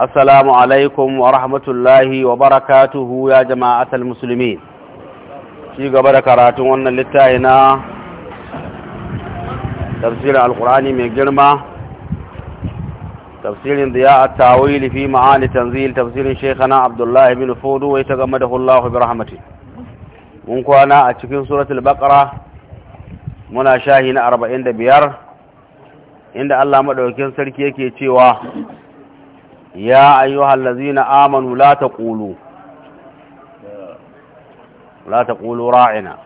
السلام عليكم ورحمة الله وبركاته يا جماعة المسلمين شيء قبل كراتون وانا للتاهنا تفسير القرآن من جرمة تفسير ضياء التاويل في معاني تنزيل تفسير شيخنا عبد الله بن فودو ويتغمده الله برحمته منكو أنا أتكين سورة البقرة منا شاهين أربعين دبيار عند الله مدعوكين سلكيكي تيواه يا أيها الذين آمنوا لا تقولوا لا تقولوا راعنا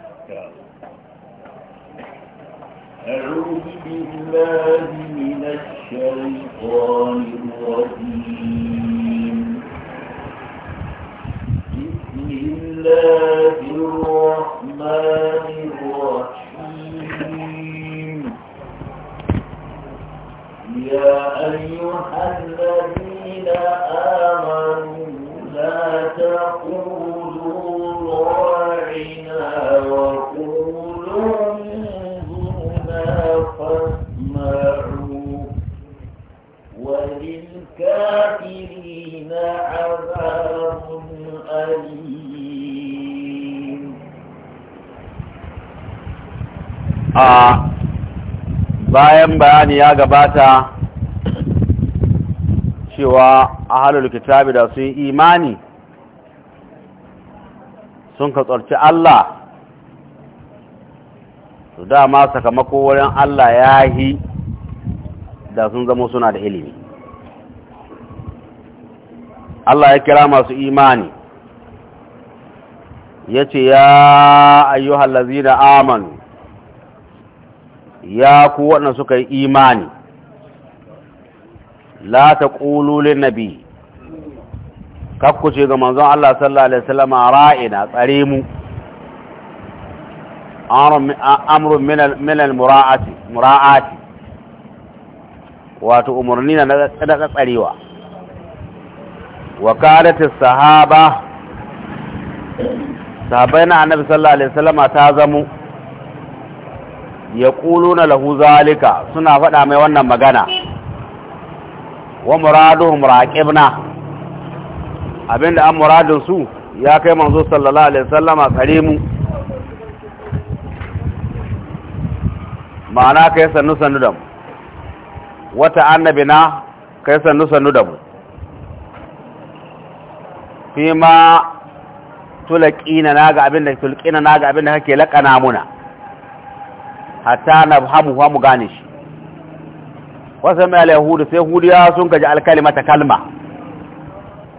أعوذ بالله من الشيطان الرجيم بسم الله الرحمن الرحيم يا أيها الذين آمنوا لا تقولوا راعنا وقولوا انظرنا فاسمعوا وللكافرين عذاب أليم آه. bayan bayani ya gabata cewa a halar kitabi da sun imani sun ka tsarci Allah su dama sakamako wurin Allah ya yi da sun zama suna da ilimi Allah ya kira masu imani ya ce ya ayyuhallazi da amanu ya ku waɗanda suka yi imani la ta ƙululin nabi kakkuce ga manzon Allah sallallahu Alaihi wasallam a ra'ina tsare mu amurin minal mura'ati wato umarni na daga tsarewa wa sahaba sahabai na annabi sallallahu Alaihi wasallama ta zamo ya na lahu zalika suna faɗa mai wannan magana wa muraduhum raqibna abinda an muradin su ya kai manzo sallallahu alaihi wasallama kare mu ma'ana kai sannu sannu da mu wata annabina kai sannu sannu da mu fi ma tulqina naga abinda tulqina naga abinda kake laƙana muna hatta na hamu wa mu gane shi wasu mai yahudu sai hudiya sun gaji alkalima ta kalma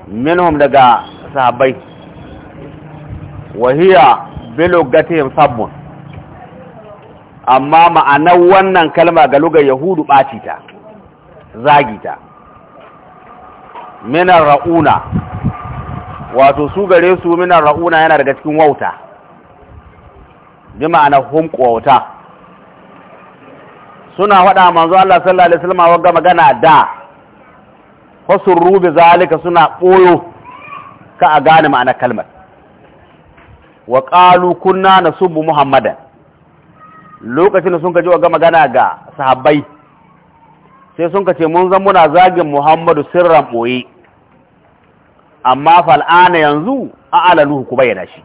minhum daga sahabai wahiya bilugatihim sabon. amma ma'anar wannan kalma ga lugar yahudu ɓaci ta zagi ta minar ra'una wato su gare su minar ra'una yana daga cikin wauta bi ma'anar hunkuwa wauta suna faɗa manzo Allah sallallahu alaihi wasallam wagga magana da fasurru bi zalika suna boyo ka a gane ma'ana kalmar wa qalu kunna nasubbu muhammadan lokacin da sun kaji wagga magana ga sahabbai sai sun kace mun zan muna zagin Muhammadu sirran boye amma fal'ana yanzu a alaluhu ku bayyana shi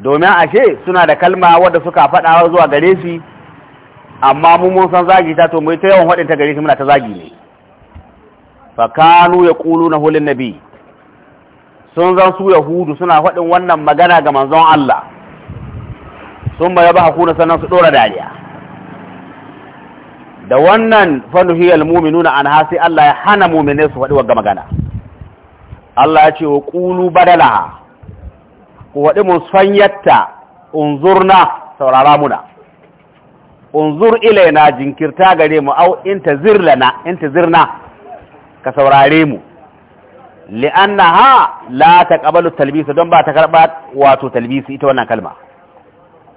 domin ashe suna da kalma wadda suka faɗa zuwa gare shi amma mu mun san zagi ta to mai ta yawan ta gare shi muna ta zagi ne fa kanu yaquluna lin nabi sun zan su yahudu suna faɗin wannan magana ga manzon Allah sun ba yaba hakuna sannan su dora dariya da wannan fanuhi almu'minuna an hasi Allah ya hana muminai su faɗi wagga magana Allah ya ce wa qulu badalaha ku faɗi sanyatta unzurna saurara muna unzur ilaina jinkirta gare mu au lana intazirna ka saurare mu li'annaha la taqbalu talbis don ba ta karba wato talbis ita wannan kalma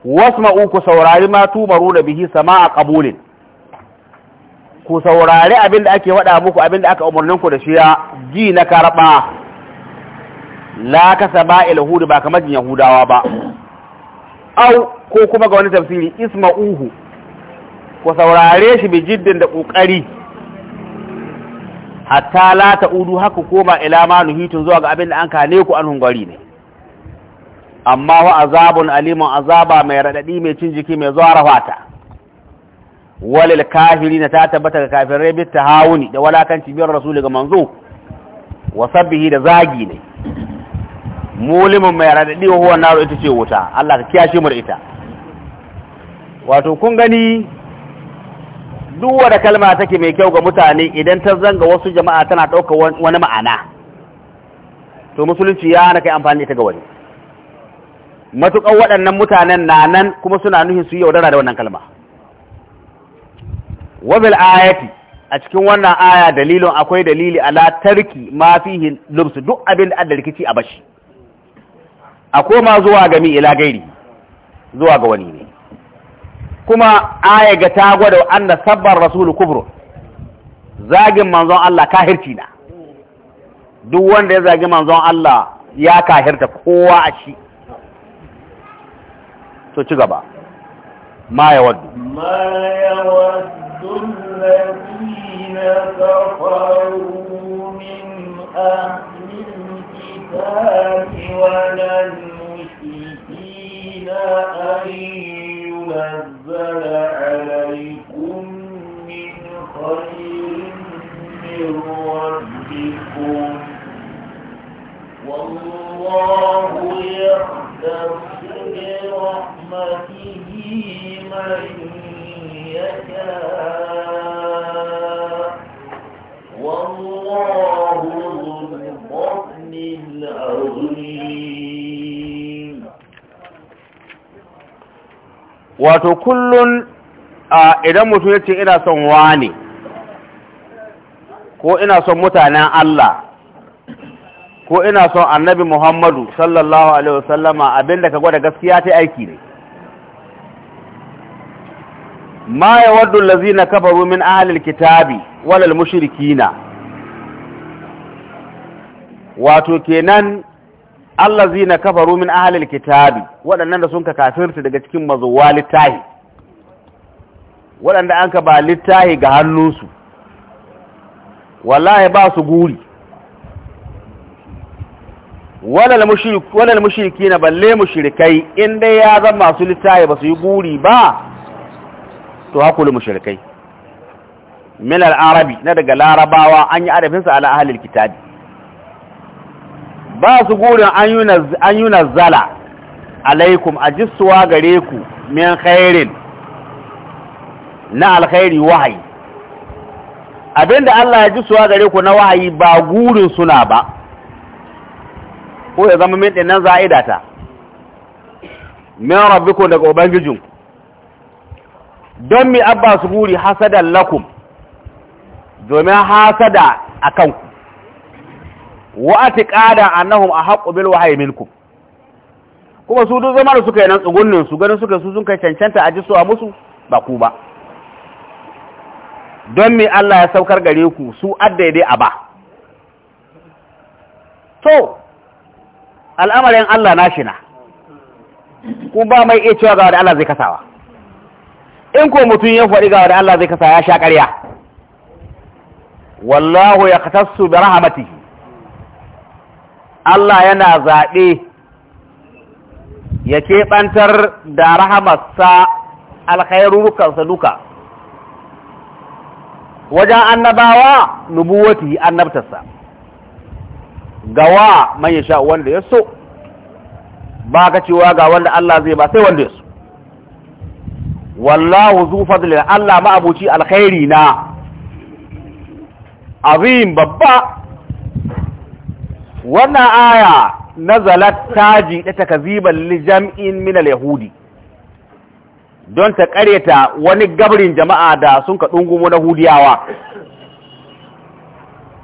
wasma'u ku saurari ma tumaru da bihi sama'a qabulin ku saurari abin da ake wada muku abin da aka umurnin ku da shi ji na karba la kasaba hudu ba kamar yahudawa ba au ko kuma ga wani tafsiri isma'uhu ku saurare shi bi jiddin da ƙoƙari hatta la udu haka koma ila ma nuhitun zuwa ga abin da an kane ku an hungari ne amma wa azabun alimun azaba mai radadi mai cin jiki mai zuwa rafata walil kafirin ta tabbata ga kafirai bi tahawuni da walakanci biyar rasuli ga manzo wa sabbihi da zagi ne mulimin mai radadi wa huwa naru ita ce wuta Allah ka kiyashe mu da ita wato kun gani duk da kalma take mai kyau ga mutane idan ta zanga wasu jama'a tana ɗauka wani ma'ana to musulunci ya hana kai amfani ita ga wani matuƙar waɗannan mutanen na nan kuma suna nuhin su yaudara da wannan kalma wabil ayati a cikin wannan aya dalilin akwai dalili ala tarki ma fihi lubsu duk abin da rikici a bashi a koma zuwa ga mi ila gairi zuwa ga wani ne kuma aya ga ta gwada anna sabbar rasulu kubro zagin manzon Allah kahirci na duk wanda ya zagi manzon Allah ya kahirta kowa a shi to ci gaba ma ya waddu ma ya waddu alladhina kafaru min ahli alkitabi wa lil mushrikeena نزل عليكم من خير من ربكم والله يختص برحمته من يشاء والله ذو الفضل العظيم wato kullun idan mutum ya ce ina son wani, ko ina son mutanen Allah ko ina son annabi Muhammadu sallallahu alaihi wasallama abinda ka gwada gaskiya ta aiki ne ma na na kafaru min kitabi, kitabi walal mushrikina wato kenan Allah allazina kafa rumin ahalil kitabi waɗannan da sun ka kafirta daga cikin mazuwa littahi waɗanda an ka ba littahi ga hannunsu wallahi ba su guri walal mushriki na balle mushrikai in dai ya zama masu littahi ba su yi guri ba to hakulu mushrikai min arabi na daga larabawa an yi adafinsa ala ahalil kitabi ba su gurin an yi nazzala alaikum a jisuwa gare ku min khairin na alkhairi wahayi abinda Allah ya jisuwa gare ku na wahayi ba gurin suna ba ko ya zama min ɗin ɗinnan za'idata min ko daga gijin. don mi abba su guri hasadan lakum domin hasada a kanku wa atiqada annahum ahqqu bil wahyi minkum kuma su duk zama da suka yi nan tsugunnin su ganin suka su sun kai cancanta a jisuwa su a musu ba ku ba don me Allah ya saukar gare ku su addaidai a ba to al'amarin Allah na shi na ku ba mai iya cewa ga Allah zai kasawa in ko mutum ya faɗi ga Allah zai kasawa ya sha ƙarya wallahu ya katassu bi rahmatihi Allah yana zaɓe ya keɓantar da rahamarsa alkhairurukansa duka wajen annabawa nubuwati annabtarsa gawa man ya sha wanda ya so ba ka cewa ga wanda Allah zai ba sai wanda ya so wallahu zu fadlin Allah abuci alkhairi na abin babba wannan aya nazalat taji da takziban li jam'in min al-yahudi don ta kareta wani gabrin jama'a da sun ka dungumo na hudiyawa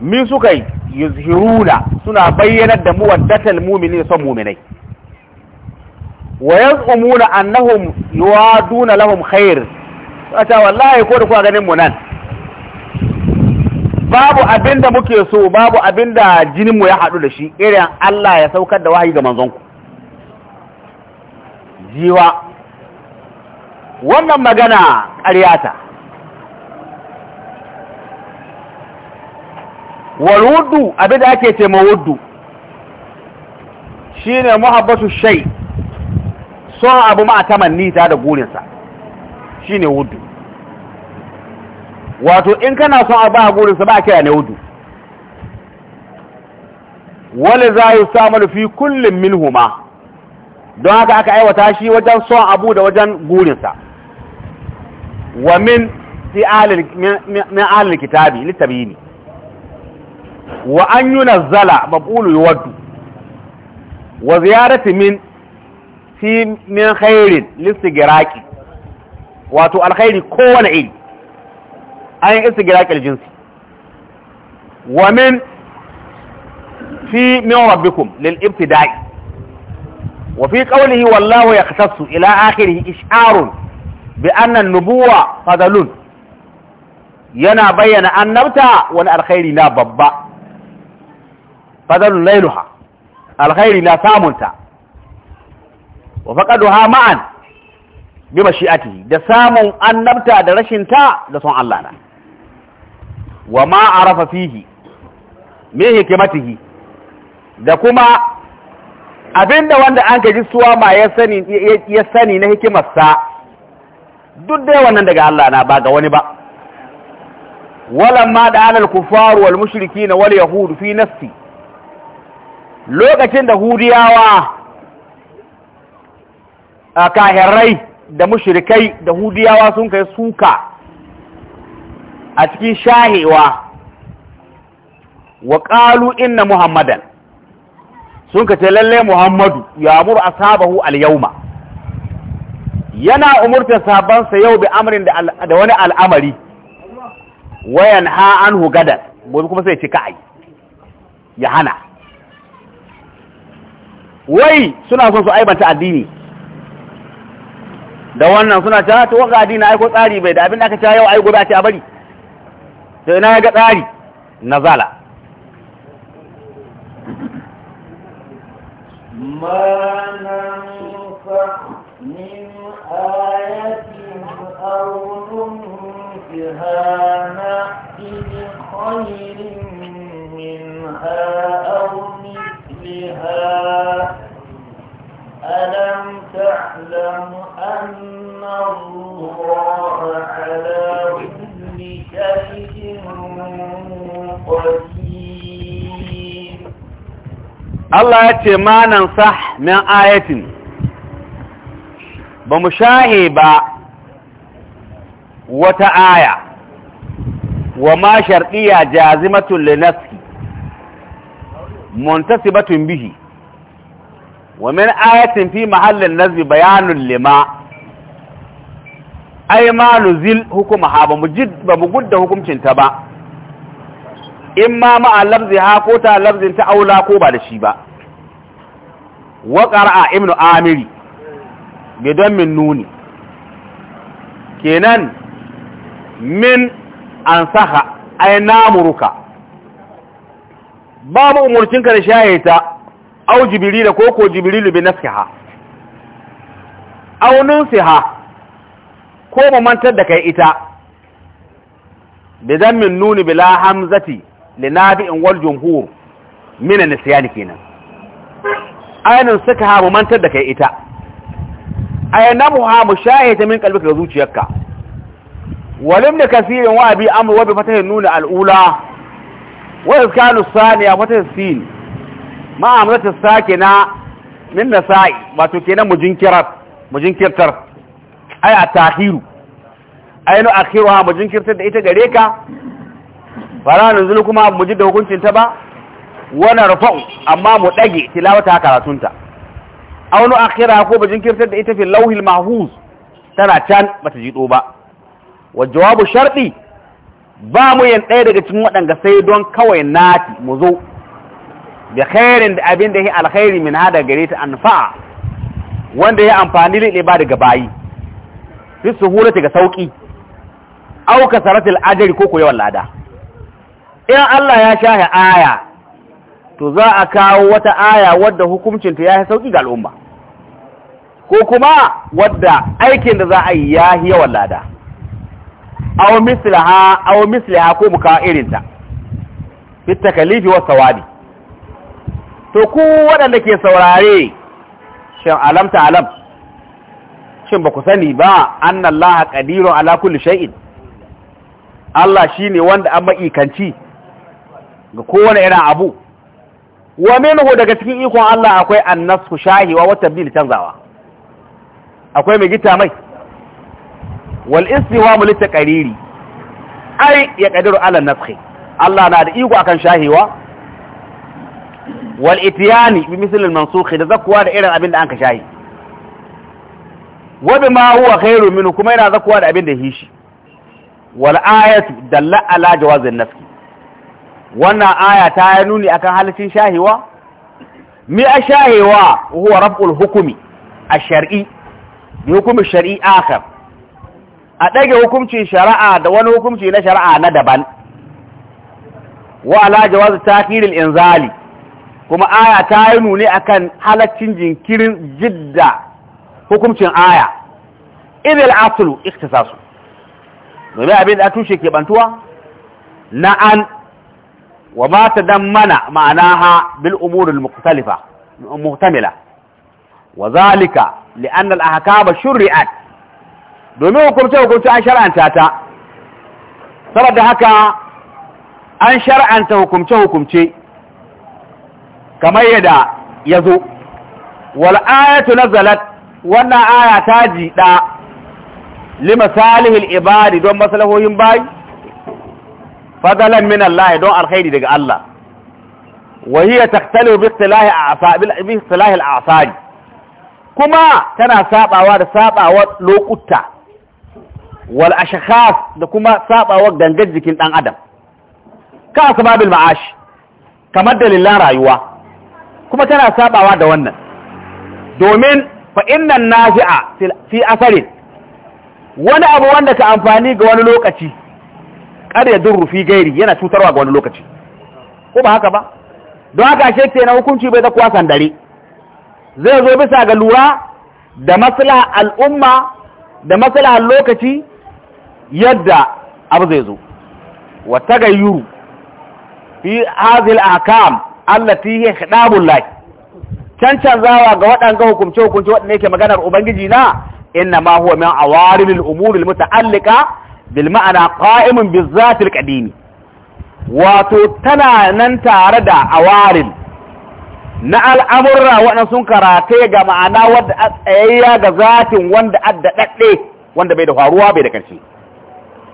min suka yuzhiruna suna bayyanar da muwaddatal mu'mini son mu'minai wa yaz'umuna annahum yuwaduna lahum khair ata wallahi ko da kuwa ganin mu nan babu abin da muke so babu abin da jininmu ya haɗu da shi irin Allah ya saukar da wahayi ga manzonku jiwa wannan magana ƙaryata walwudu abin da ake ce mawudu shi ne muhabbatu shai son abu ma a tamanni ta da gurinsa shi ne wudu wato in kana son a ba gurin sa ba kira ne wudu wale za yi samun fi kullum minhuma don haka aka aiwata shi wajen son abu da wajen gurinsa wa min alil kitabi ne wa an yi nazzala mabulu yawaddu wa ziyarati min fi min khairin listigiraki wato alkhairi kowane iri ayin wa min fi استقراك rabbikum lil ibtida'i wa fi للابتداء wallahu قوله والله يختص إلى آخره إشعار بأن nubuwa fadalun yana bayyana annabta wani alkhairi na babba fadalun lailuha alkhairi na samunta wa faqaduha ma'an bi mashi'atihi da samun annabta da rashin ta da son Allah na wa ma arafa fihi me hikimatihi da kuma abinda wanda an gaji suwa ma ya sani ya sani na hikimarsa duk dai wannan daga Allah na ba ga wani ba walamma da alal kufar wal mushrikin wal yahud fi nafsi lokacin da hudiyawa a kahirai da mushrikai da hudiyawa sun kai suka a cikin shahewa wa ƙalu inna muhammadan sun ka ce lalle muhammadu ya mur a al alyauma yana umurtar sabansa yau bi amurin da wani al'amari wayan ha an hugadar gobe kuma sai cika ai ya hana wai suna son su aibanta addini da wannan suna ta wanga addini aiko tsari bai da abin da aka cewa yau ai gobe a ce a bari sai na ga tsari nazala ما ننفع من آية أو ننفها نأتي بخير منها أو مثلها ألم تعلم أن الله على كل Allah ya ce manan sa min ayatin ba mu shahe ba wata aya wa ma shar'iyya jazimatun linaski muntasibatun bihi wa min ayatin fi mahallin nazbi bayanul lima ai ma nuzil hukuma ha ba mu ba mu gudda hukuncin ta ba in ma ma'a lafzi ha ko ta lafzin ta aula ko ba da shi ba wa qara'a ibnu amiri bidan min nuni kenan min ansaha ai namuruka babu ka da shayeta au jibrilu ko ko jibrilu bi nafsiha au nunsiha ko mu mantar da kai ita bi zammin nuni bila hamzati li nabi'in wal jumhur min an-nisyan kenan ainin suka ha mu mantar da kai ita aynamuha mushahida min qalbika da zuciyarka walim da kasirin wa bi amru wa bi fatahin nuni al-ula wa iskanu saniya fatahin sin ma amrata sakina min nasa'i wato kenan mujinkirtar mujinkirtar ai a tahiru ai ainu akhiruha mu jinkirtar da ita gare ka fara nuzul kuma mu ji da hukuncin ta ba wana rafa'u amma mu dage tilawata karatunta aunu akhira ko mu jinkirtar da ita fi lawhil mahfuz tana can bata jido ba wa jawabu sharti ba mu yan ɗaya daga cikin waɗanda sai don kawai nati mu zo da khairin da abin da ya alkhairi min hada gare ta anfa wanda ya amfani ba daga bayi fi suhulati ga sauki au kasaratil ajri ko yawan lada in Allah ya shahi aya to za a kawo wata aya wadda hukuncin ta yayi sauki ga al'umma ko kuma wadda aikin da za a yi yayi yawan lada aw mislaha aw mislaha ko muka irinta fi takalifi wa sawabi to ku waɗanda ke saurare shin alamta alam shin ba ku sani ba annallaha qadirun ala kulli shay'in Allah shine wanda an maikanci ga kowane irin abu wa minhu daga cikin ikon Allah akwai annasu shahiwa wa tabdil canzawa akwai mai gita mai wal istiwamu litaqariri ai ya qadiru ala nafhi Allah na da iko akan shahiwa wal itiyani bi misl al mansukh da zakwa da irin abin da anka shahi wa bima huwa khairu minhu kuma yana zakuwa da abin da hishi wal ayatu dalla ala jawazin nafsi wannan aya ta yi nuni akan halicin shahewa mi a shahewa huwa raf'ul hukumi a shar'i bi hukumi shar'i akhar a ɗage hukumci shari'a da wani hukumci na shari'a na daban wa ala jawazi takiril inzali kuma aya ta yi nuni akan halaccin jinkirin jidda hukuncin aya idil aslu ikhtisasu domin abin da tushe ke bantuwa na an wa ma tadammana ma'anaha bil umur al muqtalifa muhtamila wa zalika li anna al ahkam shuri'at domin hukunce hukunce an shar'anta ta saboda haka an shar'anta hukunce hukunce kamar yadda yazo wal ayatu nazalat wannan aya ta jiɗa lima salihil ibadi don maslahohin bayi fadalan min Allah don alkhairi daga Allah wa hiya taqtalu bi istilahi kuma tana sabawa da sabawa lokuta wal ashkhas da kuma sabawa gangan jikin ɗan adam ka asbabil ma'ash kamar dalilan rayuwa kuma tana sabawa da wannan domin fa innan nafi'a fi asarin wani abu wanda ka amfani ga wani lokaci kada ya rufi gairi yana cutarwa ga wani lokaci ko ba haka ba don haka shi na hukunci bai zakuwa sandare zai zo bisa ga lura da matsala al'umma da matsala lokaci yadda abu zai zo wata gayyuru fi hazil akam allati hiya khidabul lahi cancanzawa ga waɗanga hukunce-hukunce hukumce waɗanda yake maganar ubangiji na inna ma huwa min awarilil umuril muta'alliqa bil ma'ana qa'imun bizatil qadimi wato tana nan tare da awaril na al'amurra waɗansu sun karate ga ma'ana wadda a tsayayya ga zatin wanda adda ɗaɗɗe wanda bai da faruwa bai da ƙarshe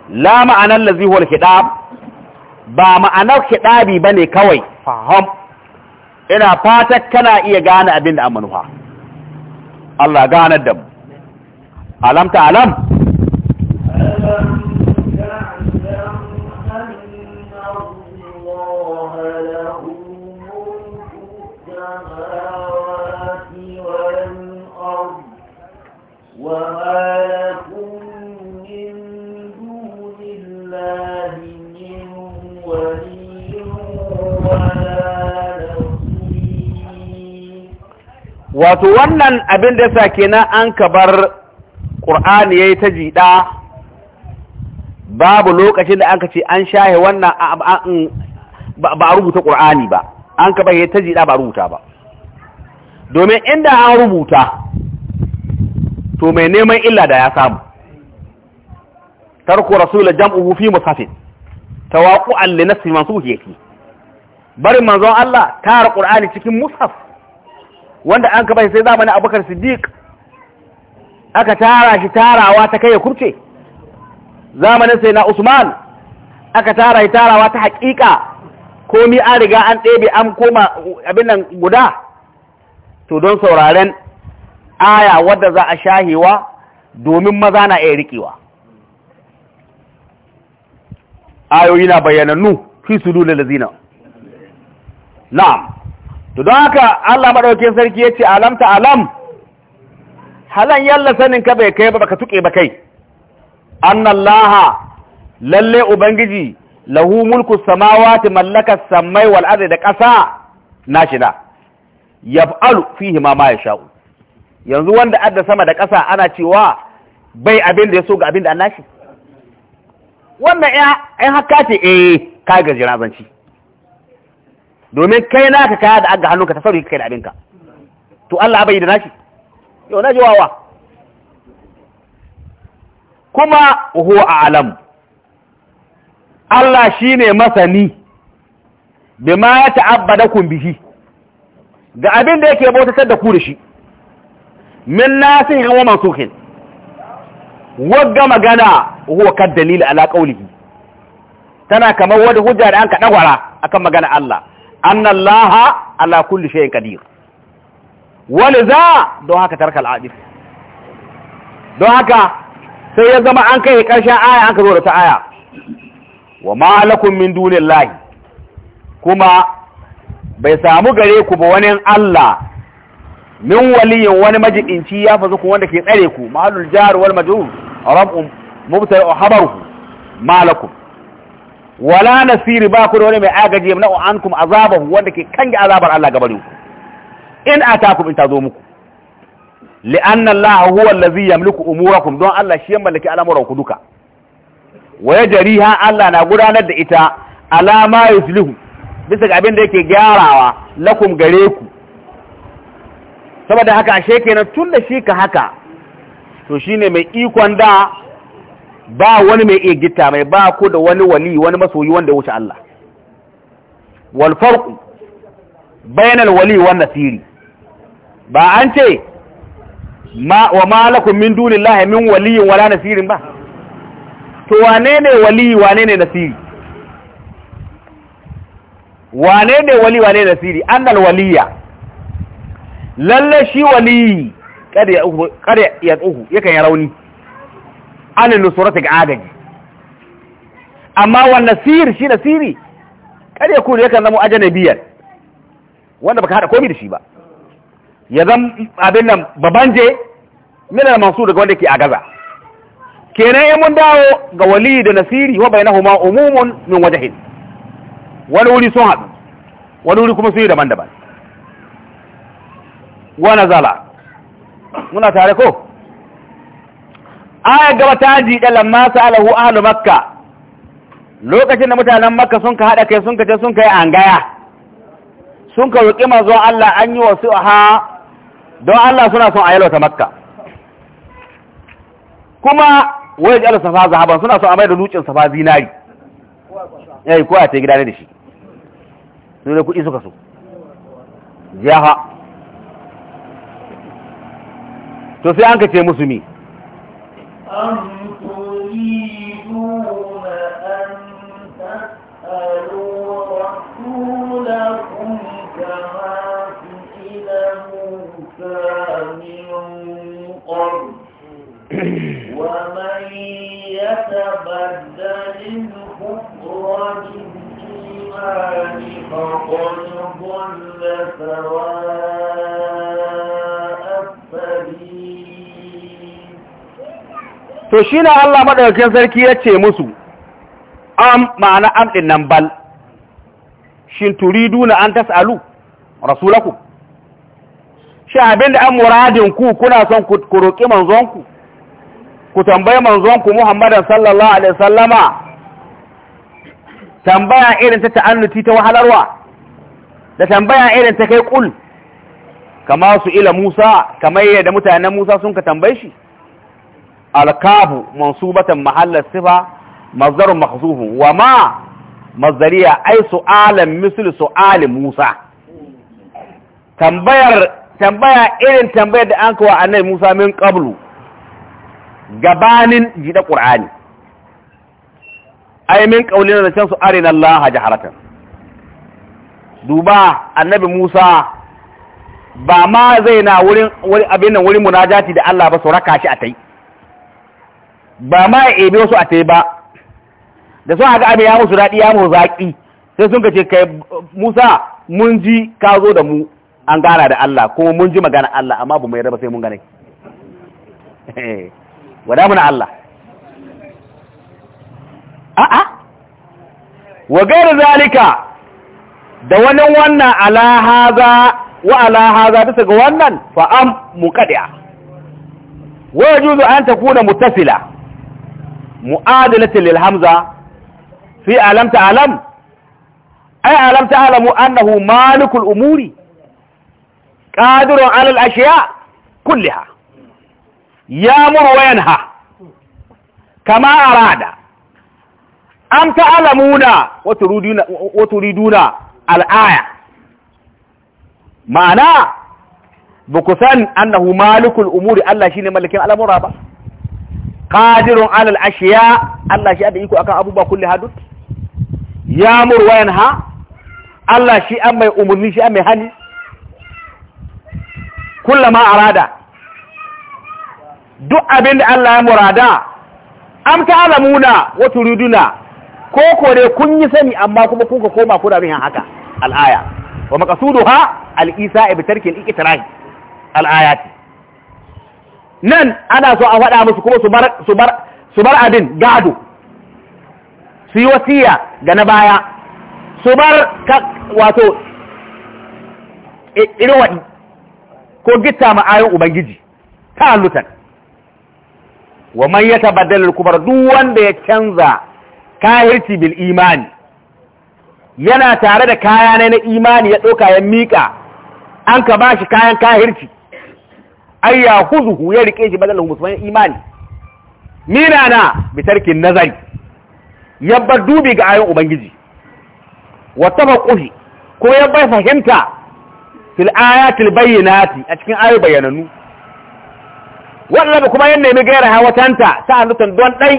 la ma'anar lazihuwar hiɗab ba ma'anar hiɗabi ba ne kawai faham ina fatan kana iya gane abin da amanuwa Allah gane da mu alam ta alam wato wannan abin da sa kenan an ka kabar qur'ani yayi ta jida babu lokacin da ka ce an shahe wannan ba a rubuta qur'ani ba an kabar yayi ta jida ba a rubuta ba domin inda an rubuta to mai neman illa da ya samu tarku rasul jam'uhu fi musafin tawaqu'an li nafsi mansuhi yake bari manzon Allah tara qur'ani cikin musaf. wanda an kaba sai zamanin abubakar siddiq aka tara shi tarawa ta kai ya kurce zamanin sai na usman aka tara shi tarawa ta haƙiƙa komi an riga an ɗebe an koma abin nan guda to don sauraren aya wadda za a shahewa domin maza na iya riƙewa ayoyi na bayyanannu fi su dole da zina na'am to don haka Allah maɗaukin sarki ya ce alam ta alam halan yalla sanin ka bai kai ba baka tuƙe ba kai annallaha lalle ubangiji lahu mulku ta mallaka samai wal ardi da ƙasa na nashida yaf'alu fihi ma ma Sha'u. yanzu wanda adda sama da ƙasa ana cewa bai abin da ya so ga abin da nashi? wannan ya haka ce eh ka gajira zanci domin kai na ka kaya da aga hannunka ta sauri kai da abinka to Allah bai da nashi yau na jawawa kuma uhu a a'lam Allah shi ne masani bima ya ta'abbadakum bihi ga abin da yake bautatar da ku da shi min nasihin wa mansukhin wagga magana huwa kan dalil ala qawlihi tana kamar wadda hujja da an kaɗa dagwara akan magana Allah anna Allah ala kulli shay'in qadir waliza don haka tarkal adif don haka sai ya zama an kai karshen aya an ka zo da ta aya wa ma lakum min dunillahi kuma bai samu gare ku ba wani Allah min waliyin wani majidinci ya fazu ku wanda ke tsare ku mahallul jar wal majrur rab'un mubtari habaru malakum wala nasiri ba ku da wani mai agaji yamna ankum azabahu wanda ke kange azabar Allah gabarin ku in atakum in ta zo muku anna Allah huwa allazi yamliku umurakum don Allah shi ya mallaki al'amuran ku duka waya jariha Allah na gudanar da ita ma yuslihu bisa ga abin da yake gyarawa lakum gare ku saboda haka ashe kenan tun da shi ka haka to shine mai ikon da ba wani mai iya gita mai ba ku da wani wali wani masoyi wanda wuce Allah wal farqu bainal wali wan nasiri ba an ce ma wa malakum min dunillahi min waliyin wala nasirin ba to wane ne wali wane ne nasiri wane ne wali wane ne nasiri annal waliya lalle shi wali kada ya kada ya tsuhu yakan ya rauni alin nusurata ga agaji amma wannan sihir shi da siri kar ya kudu yakan zama biyar wanda baka hada komi da shi ba ya zan abin nan babanje mina masu daga wanda ke a gaza kenan in mun dawo ga wali da nasiri wa huma umumun min wajahin wani wuri sun haɗu wani wuri kuma sun yi daban-daban wa zala muna tare ko ayar gaba ta da lamma sa'alahu ahlu makka lokacin da mutanen makka sun ka haɗa kai sun ka ce sun ka yi angaya sun ka roƙi manzo Allah an yi wasu ha don Allah suna son a yalwata makka kuma waje jalo safa zahaban suna son a mai da lucin safa zinari yayi ko a ta gida ne da shi sun da kuɗi suka so ha to sai an ka ce musu mi أم to shi na Allah maɗaukakin sarki ya ce musu am ma'ana am ɗin nan bal shin turidu na an tas'alu rasulaku shi abin da an muradin ku kuna son ku roƙi manzonku ku tambayi manzonku Muhammadan sallallahu alaihi sallama tambaya irin ta ta'annuti ta wahalarwa da tambaya irin ta kai kul kama su ila Musa kamar yadda mutanen Musa sun ka tambaye shi alkafu mansubatan mahallar sifa mazdarun mahzufun wa ma mazdariya ai su'alan misli su'ali Musa tambayar tambaya irin tambayar da an kawo annabi Musa min qablu gabanin jida Qur'ani ai min qaulina da can su arina Allah jaharatan duba annabi Musa ba ma zai na wurin abin nan wurin munajati da Allah ba su raka shi a tai ba ma ya ebe wasu a tai ba da sun haka abin ya musu daɗi ya musu zaƙi sai sun kace kai musa mun ji ka zo da mu an gana da Allah kuma mun ji magana Allah amma ba mai raba sai mun gane wada muna Allah a'a wa gairu zalika da wani wannan ala haza wa ala haza ga wannan fa'am mu muqaddi'a wa yajuzu an takuna muttasila معادله للهمزه في ألم تعلم اي علم تعلم انه مالك الامور قادر على الاشياء كلها يامر وينها كما اراد ام تعلمون وتريدون وتريدون الايه معناه بكثان انه مالك الامور ألا شيء ملك الامور بقى. qadirun alal ashiya Allah shi da iko akan abubuwa kulli hadud ya mur wa yanha Allah shi an mai umurni shi an mai hani kullama arada duk abin da Allah ya murada am muna wa turiduna ko kore kun yi sani amma kuma kun ka koma kuna bin haka al'aya wa maqsuduha al-isa bi tarki al al-ayati nan ana so a faɗa musu kuma su bar abin gado su yi wasiya ga na baya su bar wato waɗi ko gita ma'ayin ubangiji ta hallutan wa man ya tabaddalar kubar duk wanda ya canza kahirci bil imani yana tare da kaya na imani ya ɗauka ya miƙa an ka ba shi kayan kahirci ay yahuzuhu ya rike shi badalahu musulman imani mina na bitarkin nazari yabba dubi ga ayin ubangiji wa tafaquhi ko yabba fahimta fil ayatil bayyinati a cikin ayoyi bayananu wannan kuma yan nemi gaira hawatanta ta annutan don dai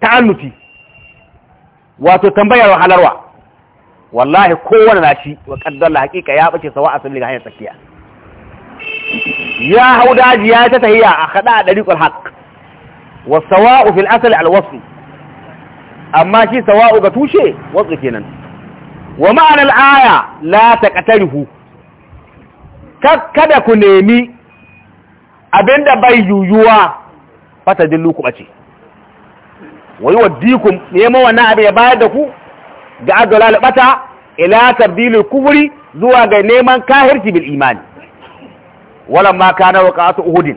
ta annuti wato tambayar halarwa wallahi kowane na shi wa kaddalla hakika ya bace sawa asali ga hanyar tsakiya ya hau daji ya ta tahiya a haɗa a ɗariƙul haƙ wa sawa'u fil asali alwasu amma shi sawa'u ga tushe wasu kenan wa ma'anar aya la ta ƙatarihu kada ku nemi abinda bai yuyuwa fata dillu ku ɓace wani waddikun nemo wannan abin ya bayar da ku ga adalal bata ila tabdilul kufri zuwa ga neman kahirci bil imani walamma kana waqa'atu uhud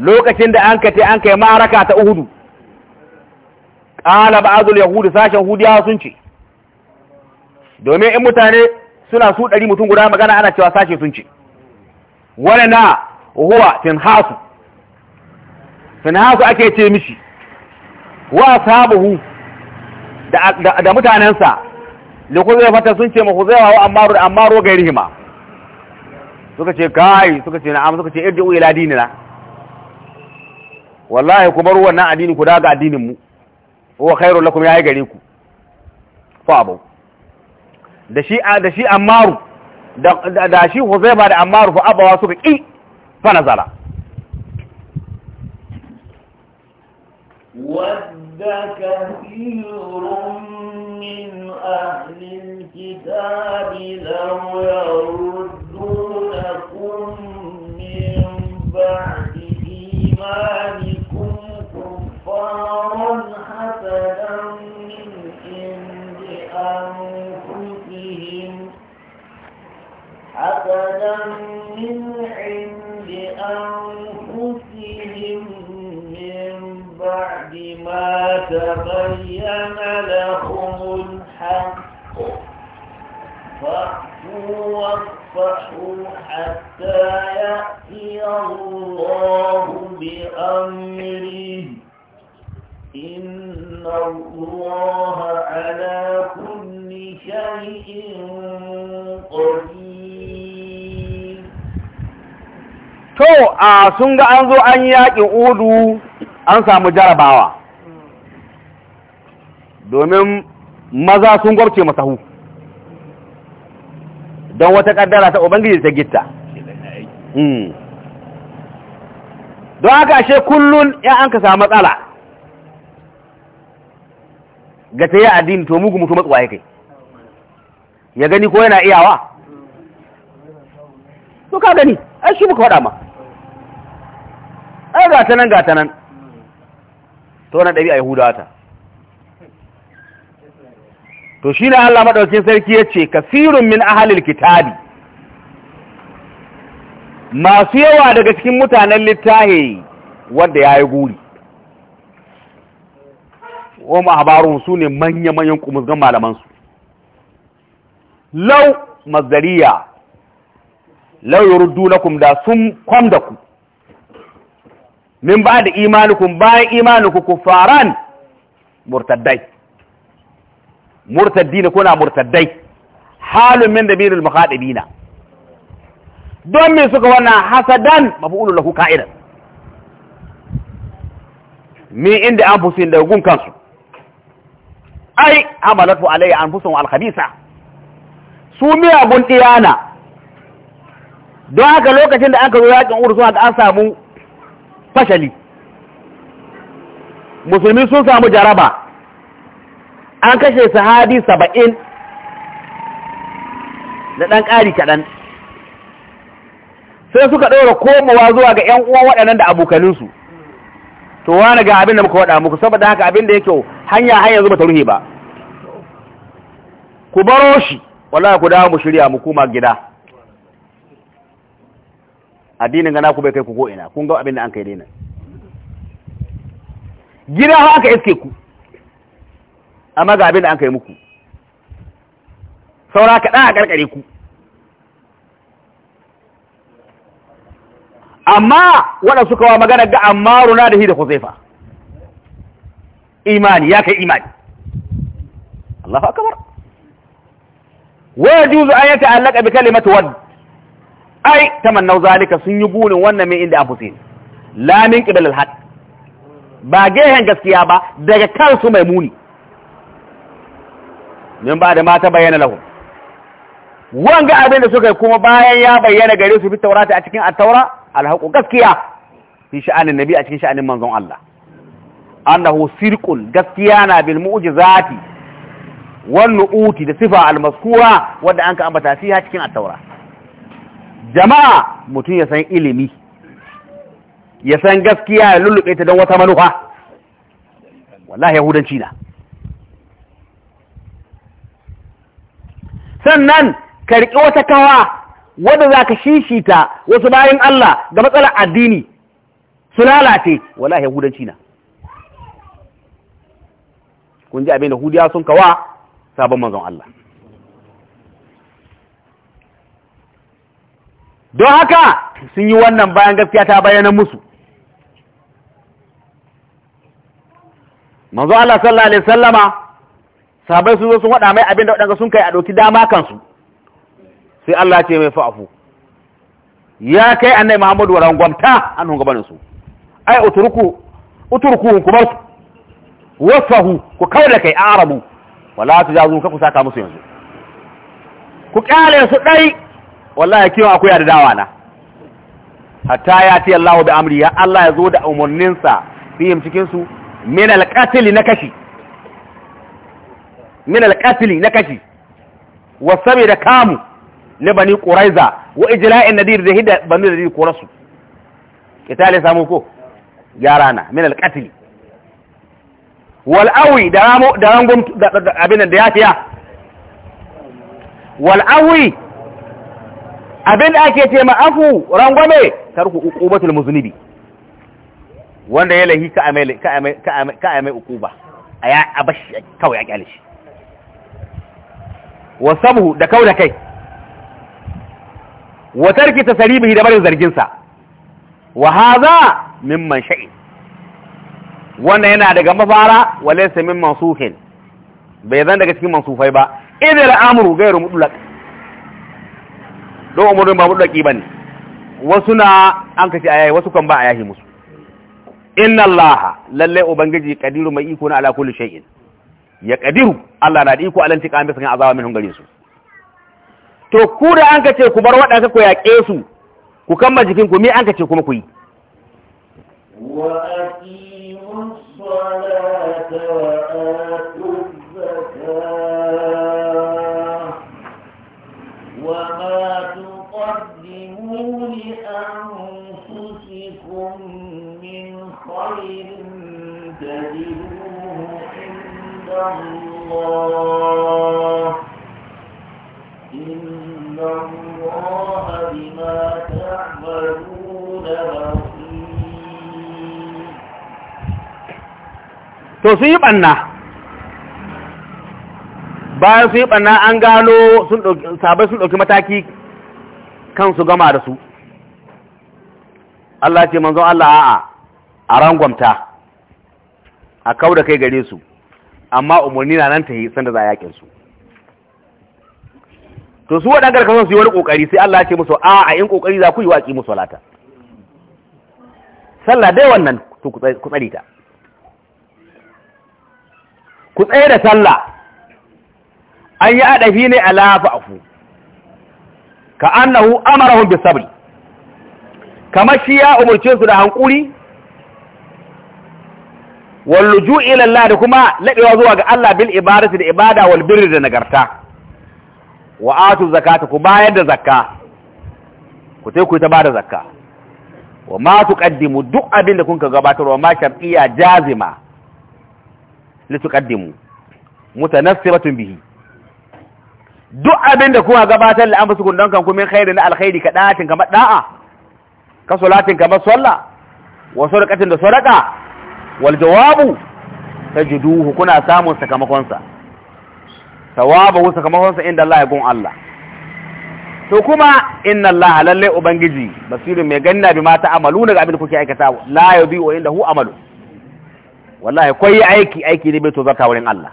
lokacin da an kace an kai ma'araka ta uhud qala ba'd al-yahud sashen hudiya sun ce domin in mutane suna su ɗari mutum guda magana ana cewa sashe sun ce wani na huwa finhasu finhasu ake ce mishi wa sabahu da mutanensa da kuzai fata sun ce ma kuzai wa ammaru da ammaru gairihima suka ce kai suka ce na'am suka ce irji'u ila dinina wallahi ku bar wannan addini ku daga addinin mu huwa khairu lakum yayi gare ku fa abu da shi da shi ammaru da da shi huzaiba da ammaru fa abawa suka ki fa nazala wadda ود كثير من أهل الكتاب لو يردونكم من بعد إيمانكم كفارا حسنا من عند أنفسهم حسنا من فاصبروا واصفحوا حتى يأتي الله بأمره إن الله على كل شيء To, a sun ga an zo an yaƙi udu an samu jarabawa, hmm. domin maza sun gwabce masahu. don wata kaddara ta ubangiji ta gitta hmm. don haka ashe kullun ya an ka samu matsala ga ta yi addini to mugu mutu matsuwa ya kai ya gani ko yana iyawa to ka gani ai shi muka wada ma ai gata nan gata nan to na ɗabi'a yahudawa ta to shi ne Allah maɗaukin sarki ya ce kasirun min ahalil kitabi masu yawa daga cikin mutanen littahi wanda ya yi guri wa ma'abarun su ne manya-manyan kumuzgan malamansu lau mazariya lau yi ruddu kum da sun kwam da ku min ba da imanikun bayan imanikun faran murtaddai murtaddina kuna murtaddai halun min da birul muhadibina don me suka wannan hasadan maf'ulu lahu ka'idan mi inda an fusin da gun kansu ai hamalatu alayya al khabisa su miyagun diyana don haka lokacin da aka zo yakin uru sun an samu fashali musulmi sun samu jaraba an kashe sahabi saba'in da ɗan ƙari kaɗan sai suka ɗora komawa zuwa ga ‘yan uwan waɗannan da abokaninsu to wani ga abin da muka waɗa muku saboda haka abin da ya kyau hanya hanya zuba ta ruhe ba ku baro shi wala ku dawo mu shirya mu kuma gida addinin gana ku bai kai ku ko ina kun ga abin da an kai daina gida haka aka iske ku amma ga abin da an kai muku saura kaɗa a ƙarƙare ku amma waɗanda suka wa magana ga amma runa da shi da imani ya kai imani Allahu akbar wa yajuzu an yata'allaqa bi mata wad ai ta mannau zalika sun yi gunin wannan mai inda abu sai lamin qibal al ba gehen gaskiya ba daga kansu mai muni min ba da ta bayyana lahu wanga abin da suka yi kuma bayan ya bayyana gare su fi taurata a cikin attaura alhaqu gaskiya fi sha'anin nabi a cikin sha'anin manzon Allah annahu Sirqul gaskiya na bil mu'jizati wan nu'uti da sifa al maskura wanda ka ambata fiha cikin attaura jama'a mutun ya san ilimi ya san gaskiya ya lullube ta don wata manufa wallahi yahudanci na sannan karki wata kawa wadda za ka shishita wasu bayan Allah ga matsalar addini su lalace wala yahudanci na kun ji abin da hudiya sun kawa sabon manzon Allah don haka sun yi wannan bayan gaskiya ta bayyana musu manzo Allah sallallahu alaihi wasallama sahabai sun zo sun waɗa mai abin da waɗanda sun kai a ɗauki dama kansu sai Allah ce mai fa'afu ya kai annai Muhammadu wa rangwamta an hun gabanin su ai uturku uturku ku bar su wasahu ku kawai da kai arabu wala jazu ka ku saka musu yanzu ku kyale su dai wallahi kiyon akwai ya da dawa na hatta ya ti Allah bi amri ya Allah ya zo da umurninsa fihim cikin su min al na kashi min alqatl na kashi wa da kamu li bani quraiza wa ijla'in nadir da hidda bani nadir qurasu kitale samu ko yarana min alqatl wal awi da ramo da rangon abin da ya fiya wal abin da ake ce ma'afu rangwame tarku uqubatul muznibi wanda ya lahi ka amai ka amai ka amai uquba abashi kawai a kyale wa sabu da da kai wa tarki tasribihi da barin zargin sa wa hadha mimman sha'in, wannan yana daga mafara wa laysa mimman sufin bai zan daga cikin mansufai ba idil amru ghayru mutlaq don umurin ba mutlaqi bane wasu na an kace ayayi wasu kan ba ayahi musu inna allaha lalle ubangiji kadiru mai iko na ala kulli shay'in ya kadiru Allah na da iko alanti ka amsa kan azaba minhum gare su to ku da an kace ku bar waɗaka ku yaƙe su ku kama jikin ku me an kace kuma ku yi wa aqimus salata wa To إن yi ɓanna, bayan su yi ɓanna an gano sabai sun ɗauki mataki kan su gama da su Allah ce manzon Allah a'a a rangwamta a kau da kai gare su amma umarni na nan ta yi sanda za a yakin su to su waɗanda karkar su yi wani ƙoƙari sai Allah ce musu a a in ƙoƙari za ku yi waƙi musu salata sallah dai wannan to ku tsari ta ku tsaye da sallah an yi adafi ne a lafa afu. ka annahu amarahum bisabri kamar shi ya umarce su da hankuri wallu luju'i ila Allah da kuma labewa zuwa ga Allah bil ibadati da ibada wal birri da nagarta wa atu zakata ku bayar da zakka ku tai ku ta bada zakka wa ma tuqaddimu duk abin da kunka gabatar wa ma shar'iyya jazima li tuqaddimu mutanassibatun bihi duk abin da kuma gabatar da amsa kun dankan kuma na alkhairi ka da'atin kamar da'a ka salatin kamar salla wa sadaqatin da sadaqa wal jawabu tajiduhu kuna samun sakamakon sa sawabu sakamakon sa inda Allah ya gun Allah to kuma inna Allah lalle ubangiji basirin mai ganna bi mata amalu daga abin kuke aikata la yubi wa inda hu amalu wallahi koyi aiki aiki ne bai to zaka wurin Allah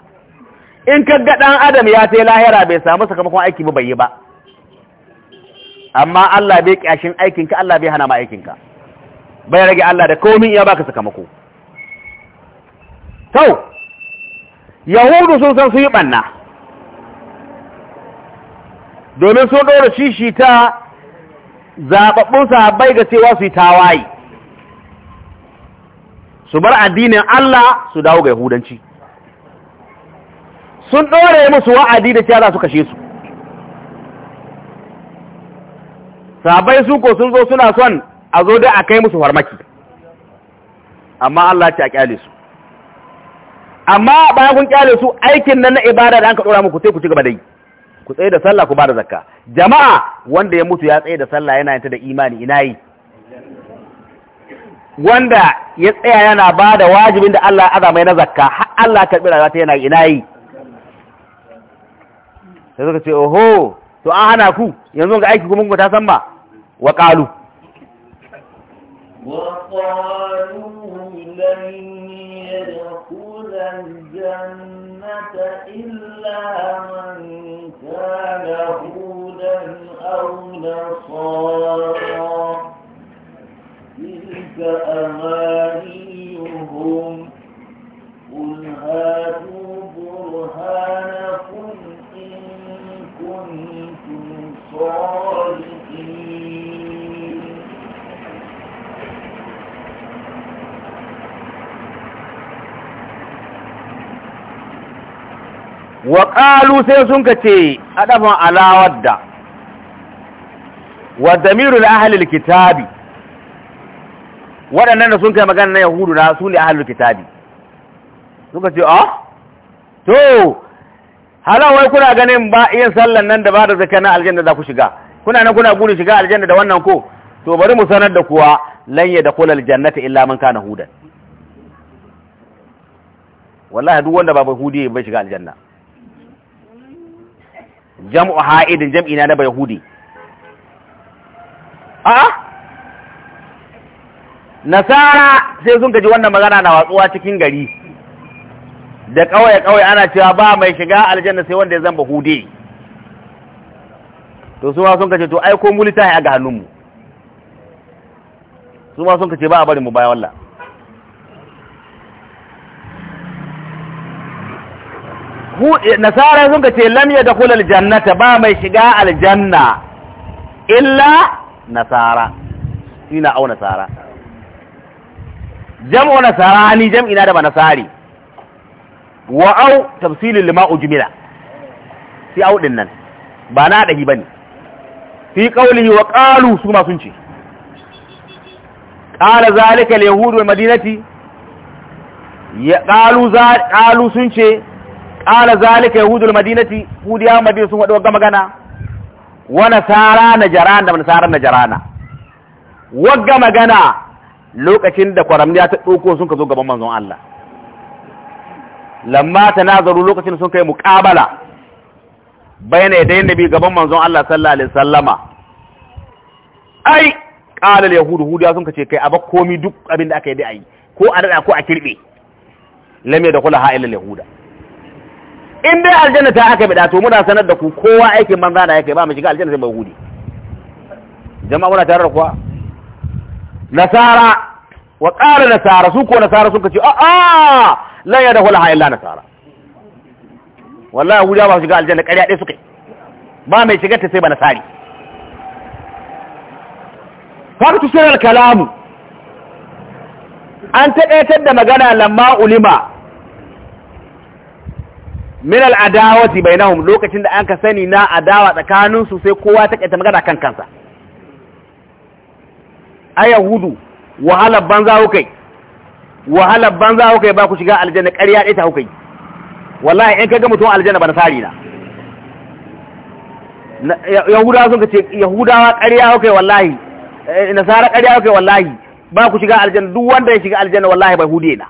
in ka ga dan adam ya tai lahira bai samu sakamakon aiki ba bai yi ba amma Allah bai kyashin aikin ka Allah bai hana ma aikin ka bai rage Allah da komai ya baka sakamako Tau, yahudu sun san su yi ɓanna domin sun ɗora shishi ta zaɓaɓɓun sahabbai ga cewa su yi tawaye su bar addinin Allah su dawo ga yahudanci sun ɗora musu wa'adi da cewa su kashe su sahabbai su ko sun zo suna son a zo dai a kai musu farmaki amma Allah ce a kyale su amma bayan kun kyale su aikin nan na ibada da an dora muku sai ku ci gaba da yi ku tsaye da sallah ku bada zakka jama'a wanda ya mutu ya tsaye da sallah yana yanta da imani ina yi wanda ya tsaya yana bada wajibin da Allah ya azama na zakka har Allah karbi rayuwa ta yana ina yi sai suka ce oho to an hana ku yanzu ga aiki kuma ta san ba wa wa qalu lan الجنة إلا من كان هودا أو نصارا تلك أمانيهم قل هاتوا برهانكم إن كنتم صادقين wa ƙalu sai sun ka ce a adafin alawar da wa damiru na ahalil kitabi waɗannan da sun kai magana na yahudu na su ne ahalil kitabi suka ce ah to halawai kuna ganin ba yin sallan nan da ba da zaka na aljanna za ku shiga kuna nan kuna guri shiga aljanna da wannan ko to bari mu sanar da kuwa lan kula aljannata illa man kana hudan wallahi duk wanda ba hudu bai shiga aljanna jam'u ha'idin jam'i na ba yahudi a nasara sai sun gaji wannan magana na watsuwa cikin gari da kawai kawai ana cewa ba mai shiga aljanna sai wanda ya zamba hude to su ma sun kace to ai ko mu a ga hannunmu su ma sun kace ba a bari mu baya wallah nasara sun ka ce lam ya da aljanna ta ba mai shiga aljanna illa nasara ina au nasara jam'u nasara ni jam'i na da ba nasari wa au tafsilin lima ujmila fi au din nan ba na dahi bane fi qawlihi wa qalu su ma sun ce qala zalika lehudu wa madinati ya qalu za qalu sun ce qala zalika yahudul madinati yahudiya madina sun wada wagga magana wa nasara najaran da nasara najarana wagga magana lokacin da kwaramniya ta dauko sun ka zo gaban manzon Allah lamma tanazaru lokacin sun kai muqabala bayna yadayin nabi gaban manzon Allah sallallahu alaihi wasallama ai qala yahudu hudiya sun ka ce kai aba komi duk abin da aka yi da ayi ko a dada ko a kirbe lam yadkhulaha illa al yahuda in dai aljanna ta aka bida to muna sanar da ku kowa aikin banza na yake ba mu shiga aljanna sai mai hudi jama'a muna tare da kuwa nasara wa qala nasara su ko nasara suka ce a ah, a ah, la yadkhulha illa nasara wallahi hudi ba su shiga aljanna ƙarya dai suka ba mai shiga ta sai ba nasari faktu sirr kalamu an taƙaitar da magana lamma ulima min al'adawati bainahum lokacin da an ka sani na adawa tsakanin su sai kowa ta kaita magana kan kansa a yahudu wahalar banza hukai wahalar banza hukai ba ku shiga aljanna ƙarya ɗaya ta hukai wallahi in ka ga mutum aljanna ba nasari na yahudawa sun ce yahudawa ƙarya hukai wallahi eh, nasara ƙarya hukai wallahi ba ku shiga aljanna duk wanda ya shiga aljanna wallahi bai hude na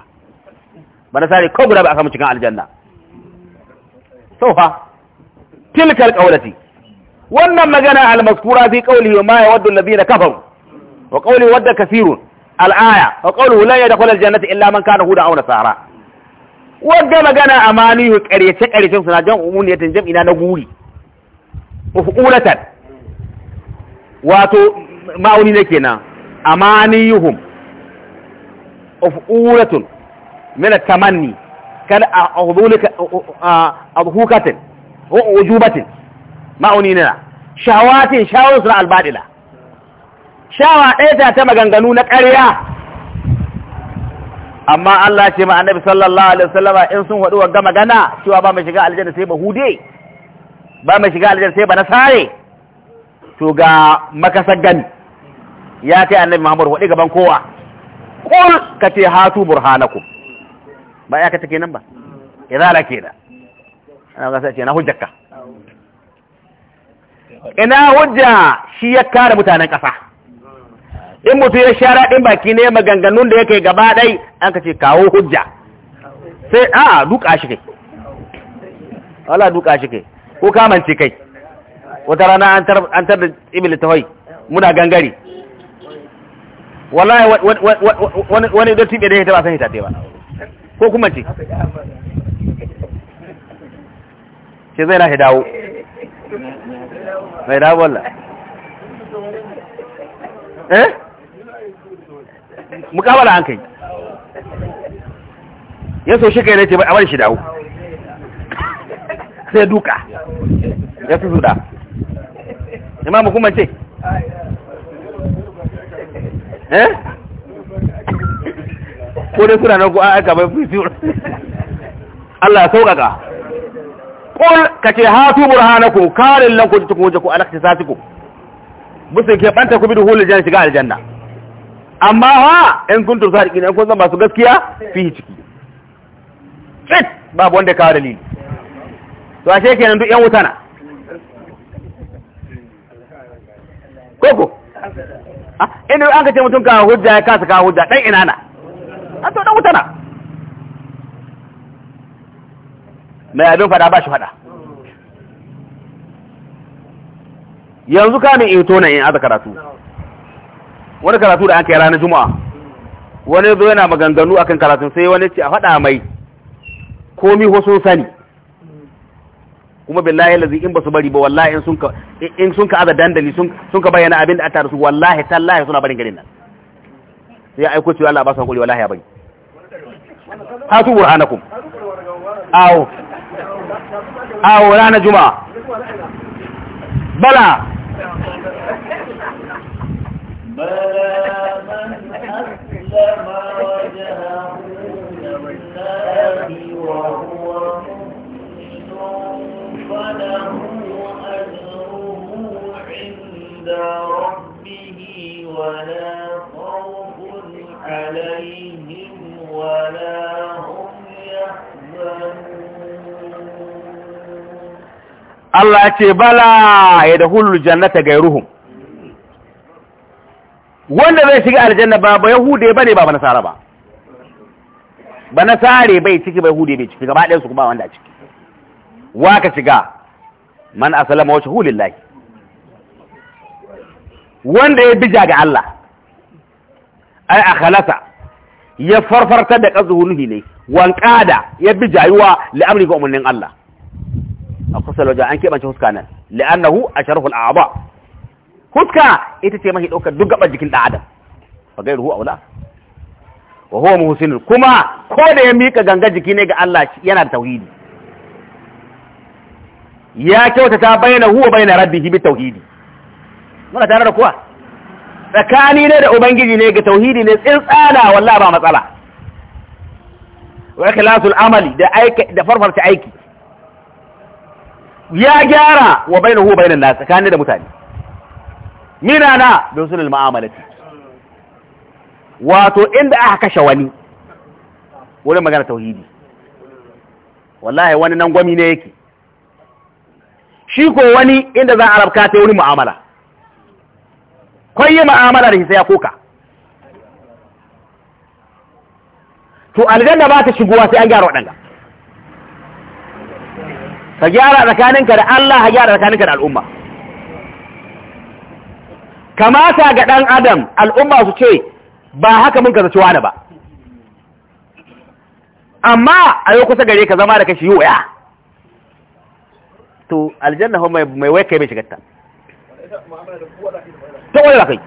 ba nasari kawai guda ba aka mu cikin aljanna fa tilkal ƙaunati, wannan magana al-mazkura fi qawlihi ma yawaddu na kafaru wa qawli wadda kathirun al'aya aya wa qawluhu la yadkhulu al-jannata illa man kana hudan auna nasara wadda magana amanihu qaryace qaryace suna jan umuniyatan jam'ina na guri uqulatan wato ma'auni ne kenan amaniyuhum ufulatun min at-tamanni kal a adhukatin wa ujubatin ma'unina shawatin shawar suna albadila shawa ɗaya ta ta maganganu na ƙarya amma Allah ce ma annabi sallallahu alaihi wasallam in sun hudu wagga magana cewa ba mai shiga aljanna sai ba hude ba mai shiga aljanna sai ba nasare to ga makasar gani ya kai annabi Muhammad hudu gaban kowa kul kate hatu burhanakum ba ya ka take nan ba izala ke da ana ga sai ce na hujjarka ina hujja shi ya kare mutanen kasa in mutu ya shara din baki ne maganganun da yake gaba dai an ka ce kawo hujja sai a duka shi kai wala duka shi kai ko kamance kai wata rana an tar da ibil tawai muna gangare wallahi wani don tibe da ya taba san hita ba ko kuma ce ce zai lahi dawo mai dawo wallah eh mukabala an kai ya so shi kai ne ce a bari shi dawo sai duka ya su zuda imamu kuma ce eh ko dai suna nan ko an aika bai fi Allah ya sauƙaƙa qul kace hatu burhanakum qarin lan kuntum wajhu ala ikhtisasikum musu ke banta ku bidu duhul janna shiga aljanna amma ha in kuntum sadiqin in kun zama su gaskiya fi ciki fit babu wanda kawo dalili to ashe nan duk yan wutana koko ah, inda an ka ce mutum ka hujja ya kasa ka hujja dan ina na an to dan wuta na mai abin fada ba shi fada yanzu ka in to na in aza karatu wani karatu da an kai ranar juma'a wani zo yana maganganu akan karatun sai wani ce a fada mai komi wasu sani kuma billahi lazi in basu bari ba wallahi in sun ka in sun ka aza dandali sun sun ka bayyana abin da a tarasu su wallahi tallahi suna barin garin nan sai aiko cewa Allah ba su hankali wallahi ya bari هاتوا برهانكم أو أو رانا جمعة بلى بلى من أسلم وجهه لله وهو مؤمن فله أجره عند ربه ولا خوف عليهم ولا هم يحزنون الله يتي بلا يدخل الجنة غيرهم wanda zai shiga aljanna ba ba yahude bane ba ba nasara ba ba nasare bai ciki bai hude bai ciki gaba ɗayan su kuma wanda a ciki wa ka shiga man asalama wacce hulillahi wanda ya bija ga Allah ai a halasa. ya farfarta da kazuhu ne wanka da ya bi jayuwa la'amri ga umarnin Allah A kusa wajen an keɓance huska nan li'annahu asharhu al'aba huska ita ce mahi ɗaukar duk gaɓar jikin dan adam gairu a wula wa huwa kuma ko da ya mika ganga jiki ne ga Allah yana da tauhidi ya kyautata bayyana huwa bayyana rabbi bi tauhidi muna tare da kuwa tsakani ne da ubangiji ne ga tauhidi ne tsintsana wallahi ba matsala wa ikhlasul amali da aiki da farfarta aiki ya gyara wa bainahu bainan nas tsakani da mutane mina na bi usulul mu'amalati wato inda aka kashe wani wurin magana tauhidi wallahi wani nan gwami ne yake shi ko wani inda za a rabka ta wurin mu'amala kai yi ma'amala da hisaya sai ya koka to aljanna ba ta shigowa sai an gyara waɗanda ka gyara tsakaninka da Allah ka gyara tsakaninka da al'umma kamata ga ɗan adam al'umma su ce ba haka mun ka zacewa da ba amma a yau kusa gare ka zama da kashi yi 'ya, to aljanna mai wai kai mai shigarta ta wani kai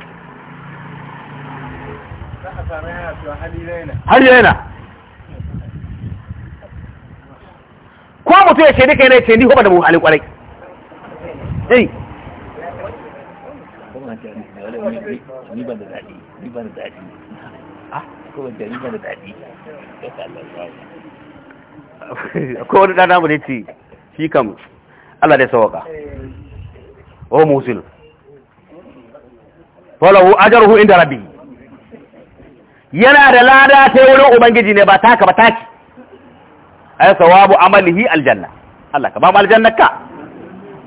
har yana ko mutum ya ce duka yana ce ni hoba da mu halin kwarai eh ah. ni akwai wani ɗana mu ne ce shi kam Allah da sauwaka o oh, musulun walahu ajruhu inda rabbi yana da lada ta wurin ubangiji ne ba taka ba taki ay sawabu amalihi aljanna Allah ka ba mu ka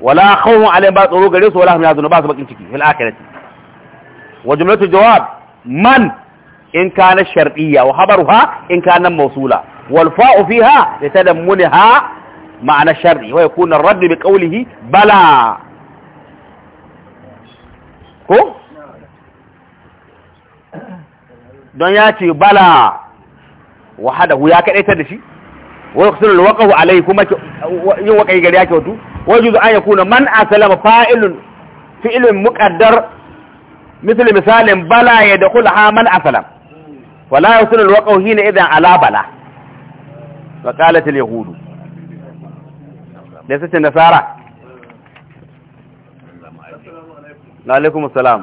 wala khawfun alaihim ba tsoro gare su wala hum yazunu ba su bakin ciki fil akhirati wa jumlatu jawab man in kana shartiyya wa habaruha in kana mawsula wal fa'u fiha litadammunha ma'ana sharri wa yakuna ar-radd bi qawlihi bala ko don ya ce bala wahadahu ya kadaitar da shi wa yuksiru alwaqahu alai kuma yin waqai gari ya kyautu wajuzu an yakuna man aslama fa'ilun fi'lun muqaddar مثل مثال wala ya من أسلم ولا يصل الوقع هنا إذا على بلا فقالت اليهود ليست النصارى عليكم السلام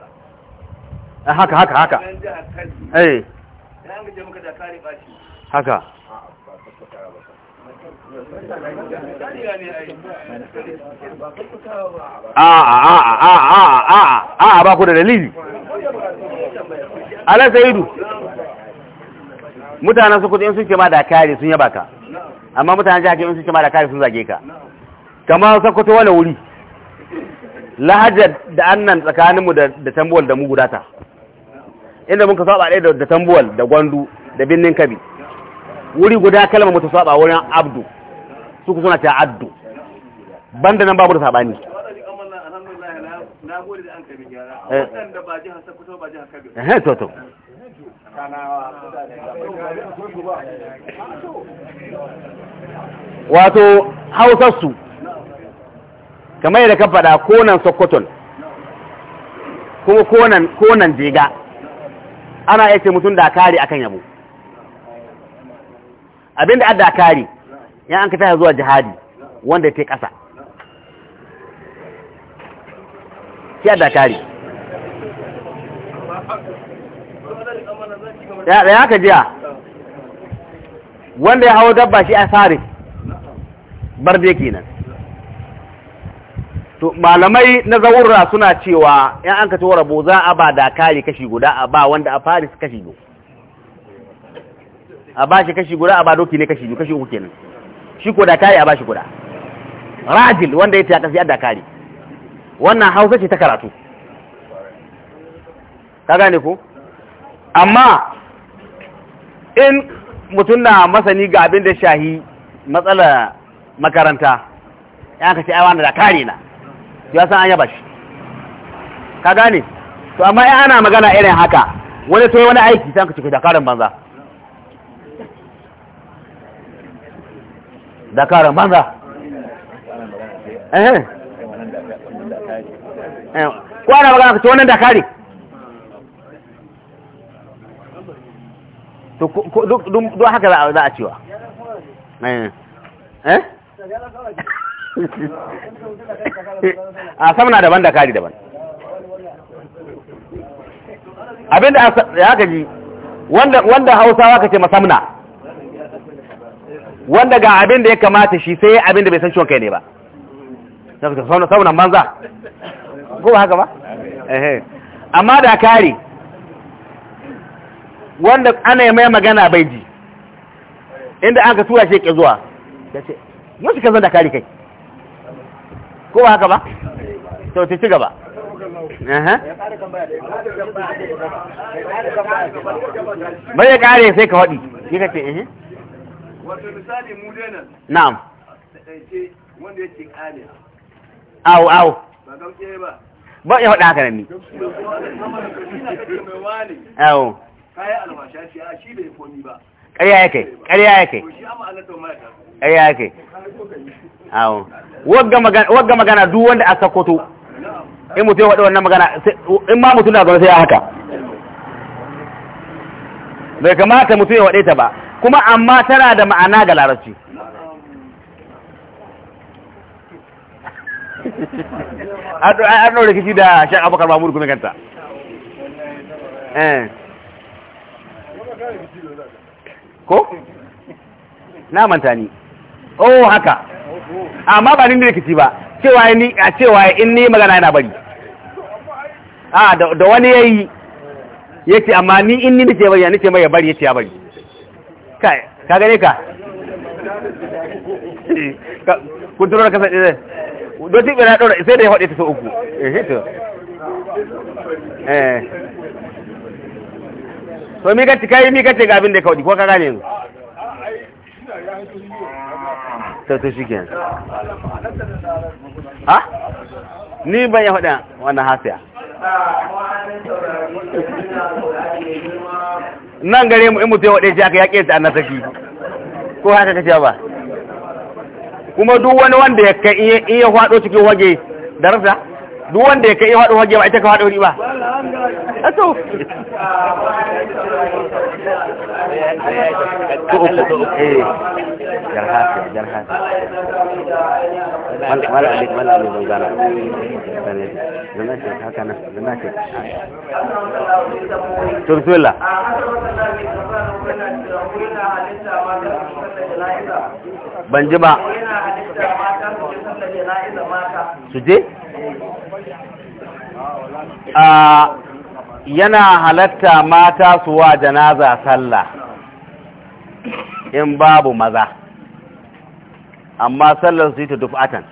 A eh, haka haka haka eh haka a'a ba ku da dalili ala sayidu mutanen su kudin sun ce ma da kare sun yaba ka amma mutanen jihar kemin sun ce ma da kare sun zage ka kamar sakwato wani wuri lahajar da annan tsakaninmu da tambuwal da mu gudata inda mun ka saba ɗaya da tambuwal da gwandu da binnin kabi wuri guda kalmar mutu saba wurin abdu su ku suna ta addu banda nan babu da sabani eh. eh, wato hausarsu kamar yadda ka faɗa konan sokoton kuma konan jiga ana yace mutum da kare akan yabo abinda adda kare ya an ka zuwa jihadi wanda ya kasa shi adda kare da ya ka jiya wanda ya hawa dabba shi a sare barde kenan to malamai na zaurra suna cewa in an ka ci rabo za a ba dakari kashi guda a ba wanda a paris kashi biyu a ba shi kashi guda a ba doki ne kashi biyu kashi uku kenan shi ko dakari a ba shi guda rajil wanda ya tiyaka sai a dakari wannan hausa ce ta karatu ka gane ko amma in mutum na masani ga abin da shahi matsala makaranta ya ka ce ai da dakari na ya san an yaba shi ka gane to amma ai ana magana irin haka wani sai wani aiki sai ka ci karin banza karin banza eh eh ko ana magana to wannan dakari to duk haka za a cewa eh eh a sama na daban da kari daban abinda ya gaji wanda hausawa ka ce masamna wanda ga abinda ya kamata shi sai abinda bai san ciwon kai ne ba na suka saunan banza ko ba haka ba amma da kari wanda ana yi mai magana bai ji inda aka tura shi ke zuwa ya ce yau shi ka zan da kari kai ko ba haka ba to ta ci gaba bai ya kare sai ka faɗi shi ka ce ehe wato misali mu dai nan na'am takaice wanda yake kare au au ba gauke ba ba ya faɗa haka nan ni au kai albashashi a shi bai komi ba ƙarya ya ƙarya ya ƙarya yake awo wagga magana duk wanda aka koto in mutum ya faɗi wannan magana in ma mutum na zama sai ya haka bai kamata mutum ya faɗe ta ba kuma amma tana da ma'ana ga larabci an ɗaure rikici da shan abokan mamuru kuma kanta eh ko na manta ni oh haka amma ba ni da rikici ba cewa ni a cewa in ni magana yana bari a da wani yayi yace amma ni in ni nake bari nake mai bari yace ya bari kai ka gane ka ku duro ka sai doti bira dora sai da ya hode ta so uku eh to eh to mi kace kai mi kace ga abin da kawai ko ka gane yanzu to to shikenan ha ni ban ya faɗa wannan hasiya nan gare mu in mutum ya waɗe shi aka yaƙe ta annan saki ko haka kace ba kuma duk wani wanda ya kai in ya faɗo cikin wage darasa duk wanda ya kai haɗu hajji ba ita ka haɗu riba aso to to ban ji ba su je yana halatta mata su wa janaza sallah in babu maza amma sallar su yi ta dufatan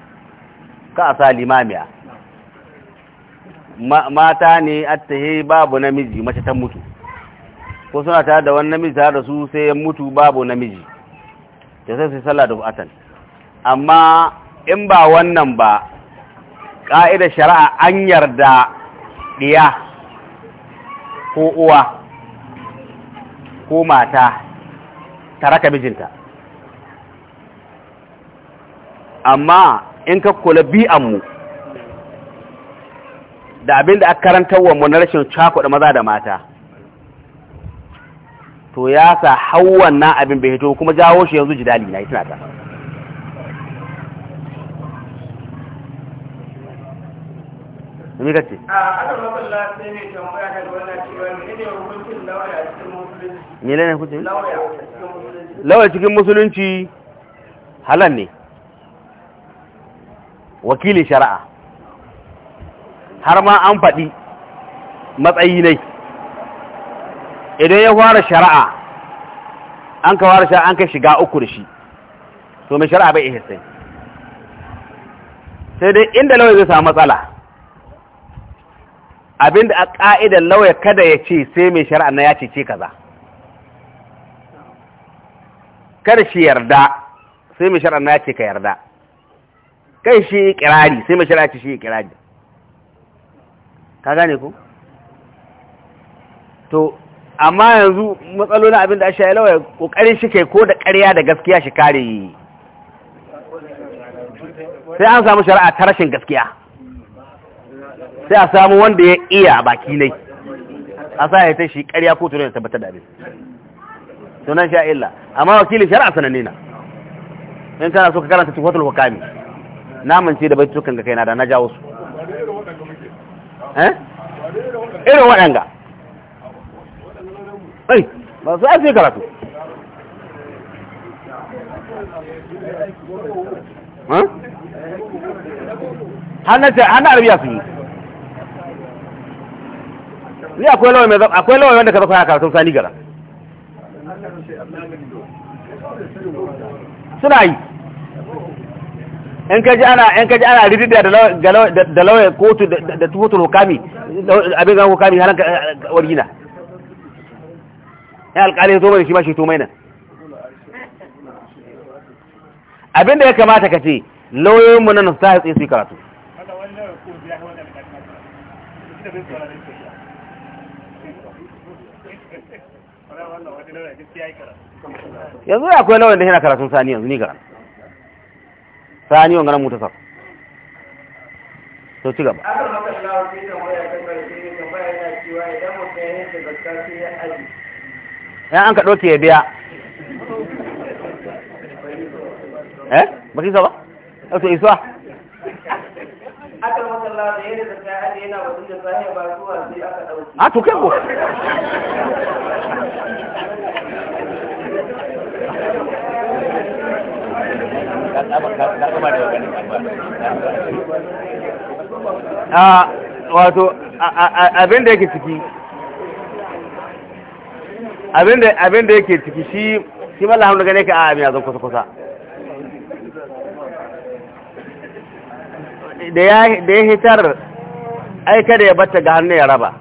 ka a sa limamiya mata ne attahe babu namiji mace ta mutu ko suna tare da wani namiji tare da su sai ya mutu babu namiji ta sai su yi sallah dufatan amma in ba wannan ba ƙa'idar shari'a an yarda ɗiya ko uwa ko mata ta raka mijinta amma in ka kula bi'anmu da abin da aka karantarwa mu na rashin cakuɗa maza da mata to ya sa hawan na abin bai hito kuma jawo shi yanzu jidali na yi tunata me a da cikin musulunci halal ne wakilin shari'a har ma an faɗi matsayi ne idan ya fara shari'a an ka fara shari'a an ka shiga uku da shi to mai shari'a bai iya sai sai dai inda lawai zai samu matsala abinda a ƙa’idan lauya kada ya ce sai mai shari'a na ya cece kaza kada shi yarda sai mai shari'a na ya ce ka yarda kai shi kirari sai mai shari'a ce shi kirari ka gane ku to amma yanzu matsalolin abinda a shayi lauya ƙoƙarin shi kai ko da ƙarya da gaskiya shi kare sai an samu shari'a ta rashin gaskiya sai a samu wanda ya iya a baki ne a sa ya ta shi ƙarya ko turai da tabbatar da abin sunan sha illa amma wakilin shari'a sananne na in kana so ka karanta tuhfatul hukami na mance da bai tukan ga kaina da na jawo su eh irin waɗanga ai ba su ai karatu ha hannata arabiya su yi ni akwai lawai mai akwai lawai wanda ka ya karatu sani gara suna yi in kaji ana in kaji ana ridida da da lawai kotu da tuhutu hukami abin ga hukami ka wargina ya alƙali ya zo mai shi ba shi to mai abin da ya kamata ka ce lauyoyinmu na nasta ya tsaye su yi karatu yanzu akwai lawan da yana karatun sani yanzu ni gara sani wanga nan mutasar to ci gaba ya an ka ɗauke ya biya eh ba ki saba? ɗauke eh, isuwa aka makalla da yadda da a to wato abinda yake ciki abinda yake ciki shi shi da gane ka a abin ya kusa kusa da ya hitar aika da ya bata ga hannu ya raba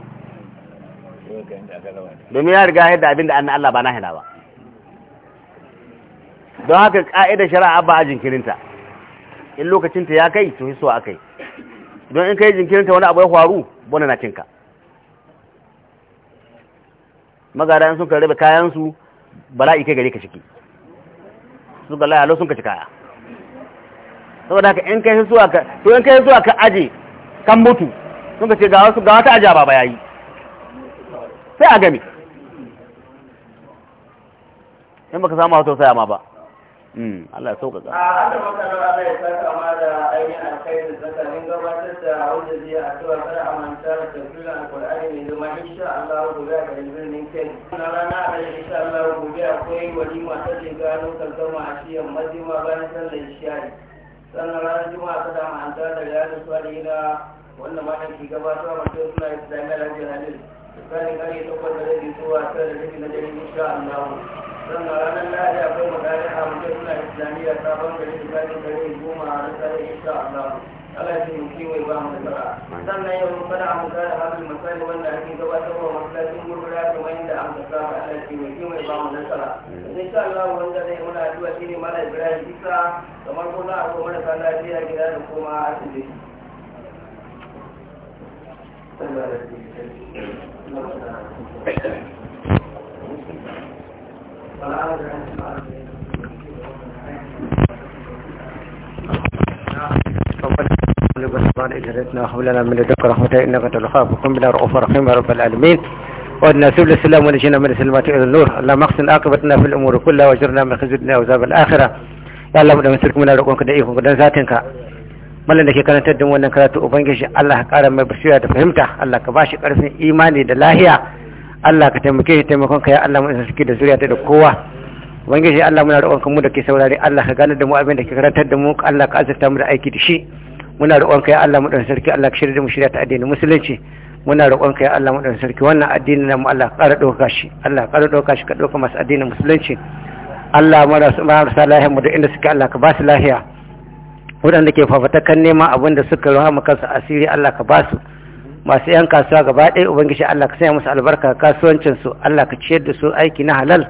domin ya riga yadda abinda an Allah ba na hina ba don haka ƙa'ida shari'a ba a jinkirinta in lokacinta ya kai to hiso a kai don in kai jinkirinta wani abu ya faru wani na cinka magada sun ka kayansu bala'i kai gare ka ciki laya lo sun ka ci kaya saboda ka in kai zuwa ka to in kai zuwa ka aje kan mutu kun ce ga wasu ga wata aja baba yayi sai a game in baka samu hausa sai ma ba hmm, Allah ya sauƙaƙa. A da Allah ya saka ma da ainihin alkhairin gabatar da hujjaji a cewa kada a manta da tafiyar alkur'ani mai zama insha Allah gobe a garin birnin Kano. Na rana a insha Allah gobe akwai walima ta shekaru gano gama a shiyan mazima bayan sallar shiyari. sannan ranar juma'a ta dama an tara da riyadun salihina wanda matan ke gabatarwa masu suna islamiyya lafiyar halil tsakanin kare takwas da rabi a tara da rabi na dare insha dawo sannan ranar lahadi akwai magana a mutum suna islamiyya sabon gari tsakanin kare goma na tare insha dawo. Allah ya yi kiwo ba mu nasara sannan yau mun fara mu da hadin misali wanda ake gabatar wa masallacin gurgura da wanda an ka saba Allah ya yi kiwo ba mu nasara insha Allah wanda zai muna addu'a shine Malam Ibrahim Isa kamar ko za a ko mana sallah ya gida da kuma asibiti Thank you. ربنا إجرتنا حولنا من لدنك وأدنا سبل السلام ونجينا من إلى النور اللهم عاقبتنا في الأمور كلها من خزي الدنيا الآخرة ya Allah ka mallan karantar da wannan karatu ubangiji Allah ka ƙara mai basira fahimta Allah ka bashi ƙarfin imani da lahiya Allah ka taimake shi ya Allah da da kowa ubangiji Allah muna roƙon mu da ke saurare Allah ka gane da mu abin da ke karantar da mu Allah ka azurta mu da aiki da shi muna roƙon ka ya Allah mu sarki Allah ka shirya da mu shirya ta addinin musulunci muna roƙon ka ya Allah mu sarki wannan addinin mu Allah ka ɗauka shi Allah ka ɗauka shi ka ɗauka masu addinin musulunci Allah sa lahiya mu da inda suke Allah ka ba su lahiya waɗanda ke fafatakan nema abin da suka ruha mu su asiri Allah ka ba su masu yan kasuwa gaba ɗaya ubangiji Allah ka sanya musu albarka kasuwancinsu Allah ka ciyar da su aiki na halal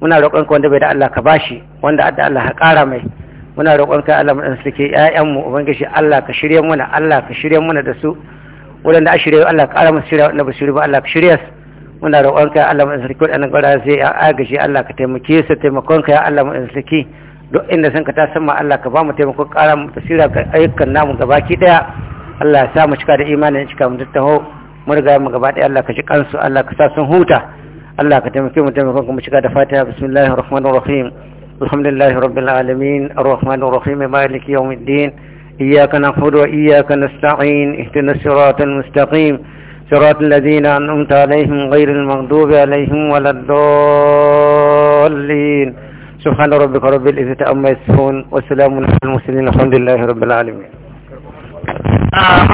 muna roƙonka wanda bai da Allah ka bashi wanda adda Allah ka ƙara mai muna roƙonka Allah mu suke ƴaƴanmu ubangiji Allah ka shirye muna Allah ka shirye muna da su wanda a shirye Allah ka ƙara mu shirye wanda ba shirye ba Allah ka shirye su muna roƙonka Allah mu suke wannan gwada sai ya gashi Allah ka taimake su taimakonka ya Allah mu suke duk inda san ka ta sama Allah ka ba mu taimako ƙara mu tasira ga ayyukan namu gabaki daya Allah ya sa mu cika da imanin cika mu tattaho mu riga mu gaba daya Allah ka ji kansu Allah ka sa sun huta Allah ka taimake mu taimakon kuma shiga da fatiha bismillahir rahmanir rahim alhamdulillahi rabbil alamin arrahmanir rahim maliki yawmiddin iyyaka na'budu wa iyyaka nasta'in ihdinas siratal mustaqim صراط الذين أنعمت عليهم غير المغضوب عليهم ولا الضالين سبحان ربك رب العزة أما يصفون وسلام على المرسلين الحمد لله رب العالمين